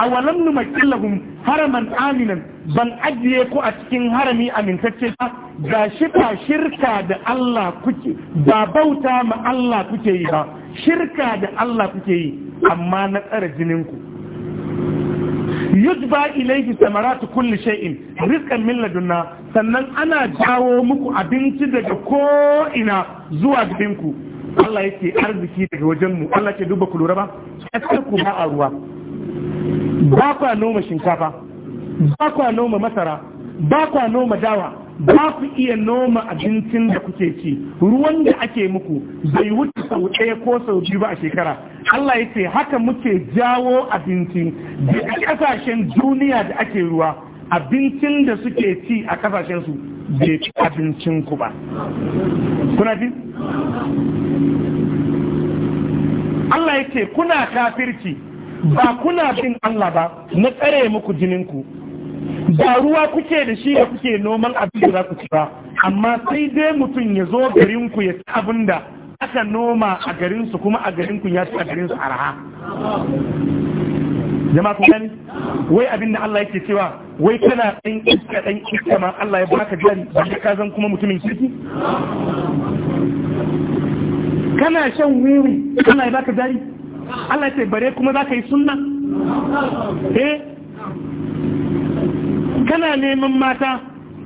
a walam nu killahun haraman aminan ban ajiye ku a cikin harami amintacce ba ga shi ba shirka da Allah kuke ba bauta ma Allah kuke yi ba shirka da Allah kuke yi amma na tsare jininku yujba ilaihi samaratu kulli shay'in rizqan min ladunna sannan ana jawo muku abinci daga ko ina zuwa jininku. Allah yake arziki daga wajen mu Allah ke duba kulura ba kasar ku ba a ruwa ba kwa noma shinkafa ba kwa noma masara ba kwa noma dawa ba ku iya noma abincin da kuke ci ruwan da ake muku zai wuce sau ɗaya ko sau biyu ba a shekara Allah ya ce haka muke jawo abinci da ƙasashen duniya da ake ruwa abincin da suke ci a su. bai ci abincin ku ba kuna ji Allah ya ce kuna kafirci ba kuna bin Allah ba na tsare muku jinin ku. ba ruwa kuke da shi da kuke noman abin da ku ci ba amma sai dai mutum ya zo garinku ya ci abin da aka noma a garinsu kuma a garinku ya ci a garinsu arha jama'a ku gani wai abin da Allah yake cewa wai kana ɗan iska ɗan iska ma Allah ya baka jari ba ka zan kuma mutumin kirki kana shan wuri Allah ya baka jari Allah ya ce bare kuma za ka yi sunna eh kana neman mata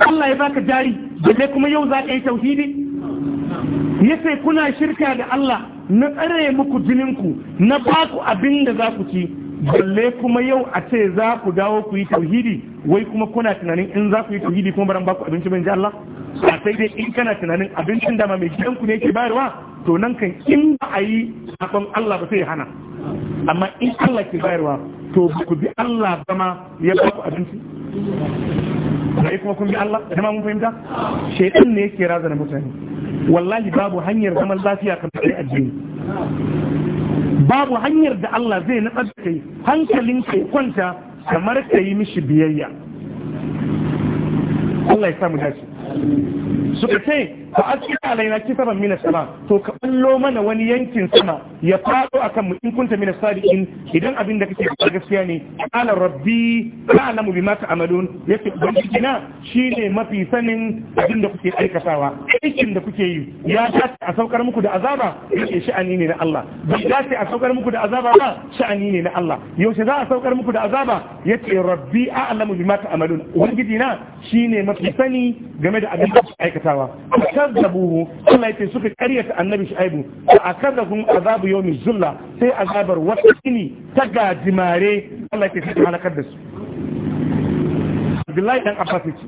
Allah ya baka jari kai kuma yau za ka yi tauhidi yace kuna shirka da Allah na tsare muku jininku na baku abin da za ku ci balle kuma yau a ce za ku dawo ku yi tauhidi wai kuma kuna tunanin in za ku yi tauhidi kuma baran baku abinci ban ji Allah a sai dai in kana tunanin abincin da mai gidan ku ne yake bayarwa to nan kan in ba a yi hakan Allah ba sai hana amma in Allah ke bayarwa to ku bi Allah zama ya ba ku abinci sai kuma kun bi Allah da ma mun fahimta shaytan ne yake razana mutane wallahi babu hanyar zaman lafiya kamar addini babu hanyar da Allah zai natsar da kai hankalin kai kwanta kamar ka yi mishi biyayya Allah ya samu dace suka ce fa asqit alaina kisaban min as-sama to ka ballo mana wani yankin sama ya faɗo akan mu in kunta min sadiqin idan abin da kake da gaskiya ne qala rabbi ta'lamu bima ta'malun yace ubangiji na shine mafi sanin abin da kuke aikatawa aikin da kuke yi ya dace a saukar muku da azaba yace sha'ani ne na Allah bai dace a saukar muku da azaba ba sha'ani ne na Allah yaushe za a saukar muku da azaba yace rabbi a'lamu bima ta'malun ubangiji na shine mafi sani game da abin da kuke aikatawa kazzabuhu Allah yace suka karyata annabi Shu'aibu fa akadahum azabu yawmi zulla sai azabar wata ini ta gajimare Allah yace sai halakar da su Abdullahi dan Abbasici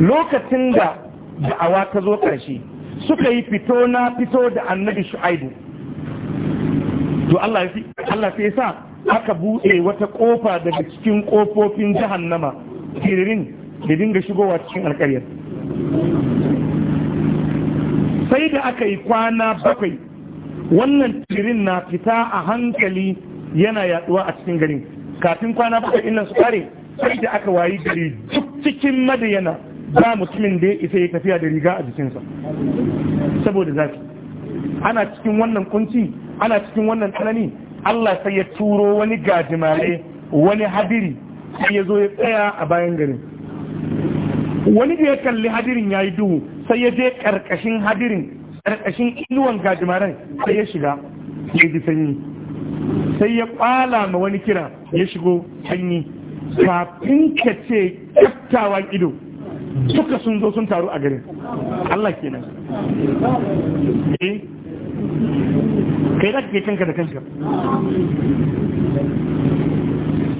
lokacin da da'awa ta zo karshe suka yi fito na fito da annabi Shu'aibu to Allah Allah sai sa aka buɗe wata ƙofa daga cikin kofofin jahannama kiririn da dinga shigowa cikin alƙaryar sai da aka yi kwana bakwai wannan tirin na fita a hankali yana yaduwa a cikin garin kafin kwana bakwai nan su kare sai da aka wayi gari duk cikin madayana ba mutumin da ya isa ya tafiya da riga a jikinsa saboda zafi ana cikin wannan kunci ana cikin wannan tsanani Allah sai ya turo wani gajimare wani hadiri sai ya zo ya tsaya a bayan garin wani da ya kalli hadirin ya yi duhu sai ya je ƙarƙashin hadirin ƙarƙashin inuwan gajimaren sai ya shiga ya ji sanyi sai ya ƙwala ma wani kira ya shigo sanyi kafin ka ce kyaftawan ido suka sun zo sun taru a garin Allah kenan eh kai da kake kanka da kanka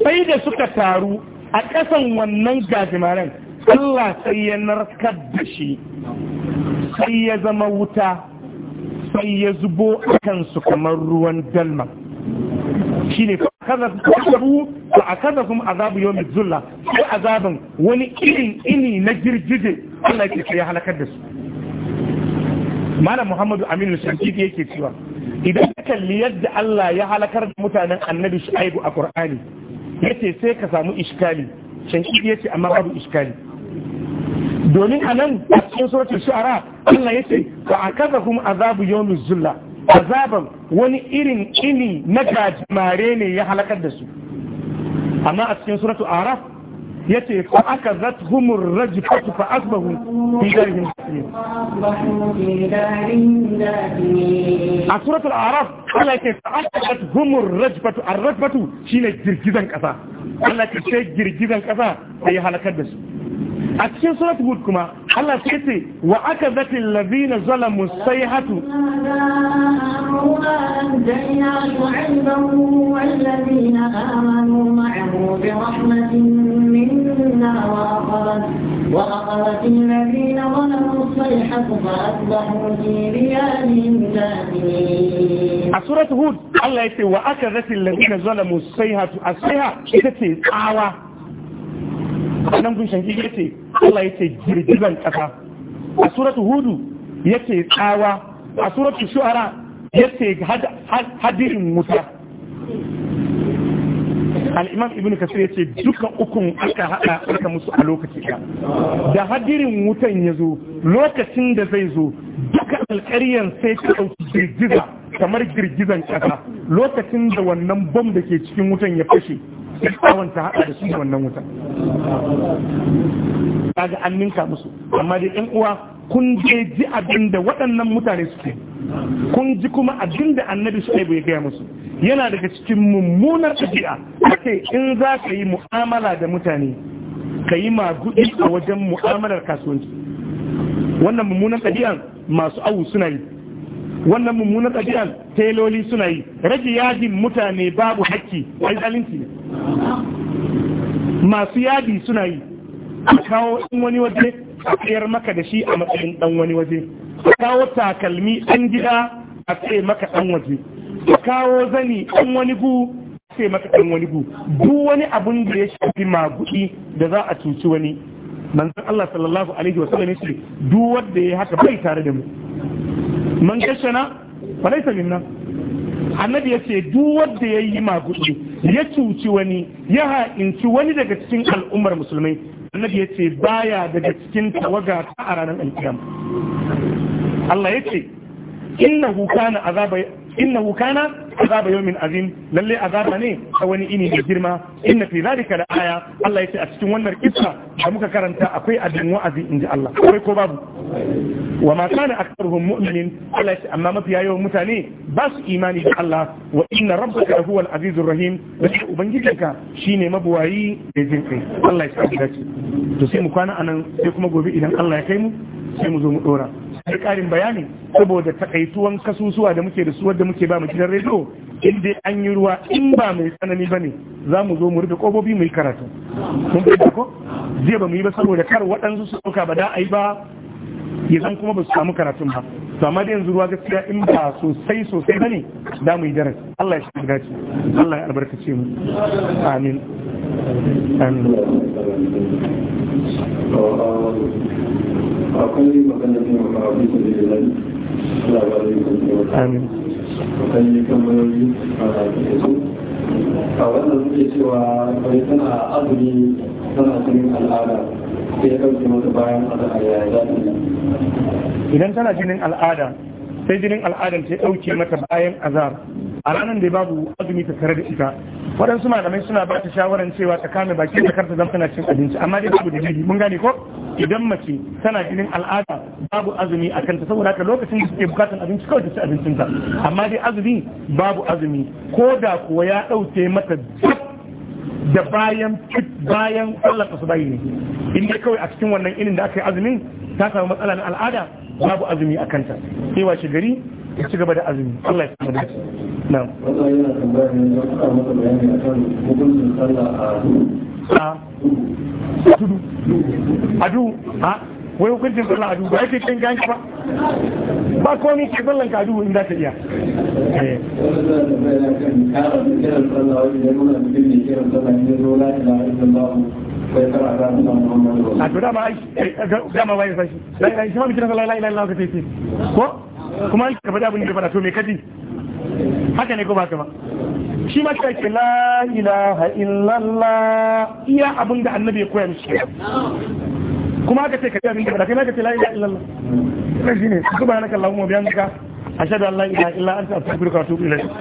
sai da suka taru a ƙasan wannan gajimaren Allah sai ya narkar da shi sai ya zama wuta sai ya zubo a kansu kamar ruwan dalma shi ne a kada kuma azabu yau mai zulla sai azabin wani irin ini na girgije Allah ke ya halakar da su malam muhammadu aminu shankiti yake cewa idan ka kalli yadda Allah ya halakar da mutanen annabi shu'aibu a qur'ani yace sai ka samu iskali shankiti yace amma babu iskali domin a nan a cikin suratul shu'ara Allah ya ce a wa akazahum azabu yawmi zulla azaban wani irin ini na gajimare ne ya halakar da su amma a cikin suratul araf ya ce fa a zat humur raji fatu fa asbahu fi darihim a suratul araf Allah ya ke fa aka zat humur raji fatu arrafatu shine girgizan kasa Allah ke sai girgizan kasa da ya halakar da su أكشن صورة بودكما حلا سيئتي وعكذت الذين ظلموا السيحتوا وأنجينا شعبا والذين آمنوا معه الذين ظلموا الصيحة فأصبحوا في ريالهم جاهلين سورة هود الله يتي وأكذت الذين ظلموا الصيحة السيحة تتي آوة nan gun shanki ya ce Allah ya ce girgizan kasa a suratu hudu ya ce tsawa a suratu shu'ara ya ce hadirin musa al'imam ibn kasir ya ce duka ukun aka haɗa aka musu a lokaci ɗaya da hadirin wutan ya zo lokacin da zai zo duka alƙaryan sai ta ɗauki girgiza kamar girgizan ƙasa lokacin da wannan bom da ke cikin wutan ya fashe tsawon ta haɗa da su wannan wuta kaga an ninka musu amma dai uwa kun je ji abin da waɗannan mutane suke kun ji kuma abin da annabi su ya gaya musu yana daga cikin mummunar ɗabi'a ake in za ka yi mu'amala da mutane ka yi magudi a wajen mu'amalar kasuwanci wannan mummunar ɗabi'an masu awu suna yi wannan mummunar ɗabi'an teloli suna yi rage yajin mutane babu hakki wai zalunci masu yadi suna yi a kawo ɗan wani waje a tsayar maka da shi a matsayin ɗan wani waje a kawo takalmi ɗan gida a tsaye maka ɗan waje a kawo zani ɗan wani gu a tsaye maka ɗan wani gu duk wani abun da ya shafi maguɗi da za a cuci wani manzan Allah sallallahu alaihi wa sallam yace duk wanda ya haka bai tare da mu man kashana fa minna annabi ya ce duk wanda ya yi maguɗi ya cuci wani ya ha'inci wani daga cikin al'ummar musulmai annabi ya ce baya daga cikin tawaga ta a ranar alkiyama Allah ya ce innahu kana azaba Inna hukana azaba yawmin azim lalle azaba ne a wani ini mai girma inna fi zalika la aya Allah ya yace a cikin wannan kissa da muka karanta akwai abin wa'azi inji Allah akwai ko babu wa ma kana aktharuhum mu'minin Allah yace amma mafiya yawan mutane ba su imani da Allah wa inna rabbaka huwa al-azizur rahim lalle ubangijinka shine mabuwayi da jin Allah ya ce to sai mu kwana anan sai kuma gobe idan Allah ya kai mu sai mu zo mu dora yi ƙarin bayani saboda takaituwan kasusuwa da muke da su wadda muke ba mu gidan rediyo in dai an yi ruwa in ba mai tsanani ba ne za mu zo mu rufe ƙofofi mu yi karatu mun fi ko zai ba mu yi ba saboda kar waɗansu su ɗauka ba da a yi ba ya zan kuma ba su samu karatun ba to amma da yanzu ruwa gaskiya in ba sosai sosai ba ne da mu yi darasi Allah ya shi dace Allah ya albarkace mu amin amin akwai amin a wannan suke cewa tana azumi tana cikin al'ada sai ya mata bayan ya zafi idan tana jinin al'ada sai jinin al'adar ta ɗauke mata bayan azar a ranar da babu azumi ta tare da ita waɗansu malamai suna ba ta shawarar cewa ta kame baki da karta zan tana cin abinci amma dai babu dalili mun gane ko idan mace tana jinin al'ada babu azumi a kanta saboda haka lokacin da suke bukatar abinci kawai ta ci abincinta amma dai azumi babu azumi ko da kuwa ya ɗauke mata da bayan fit bayan Allah ta ne in dai kawai a cikin wannan irin da aka yi azumin ta samu matsala na al'ada babu azumi a kanta sai washe gari ya ci gaba da azumi Allah ya samu dace nan ne masa a a wai hukuncin sallah a ba yake cin ganka ba ba ko ni ke sallan ka tudu in za ta iya eh. a to dama ai dama eh, eh, bai sashi lai shi ma mutum sallah lai lai lai ka ce ko kuma ka faɗi abin da faɗa to me kaji haka ne ko ba ka ba shi ma ta ce la ilaha illallah iya abin da annabi ya koya miki kuma haka ce ka ji abin da kai ka ce la ilaha illallah shi ne subhanaka allahumma bihamdika ashhadu an la ilaha illa anta astaghfiruka wa atubu ilayk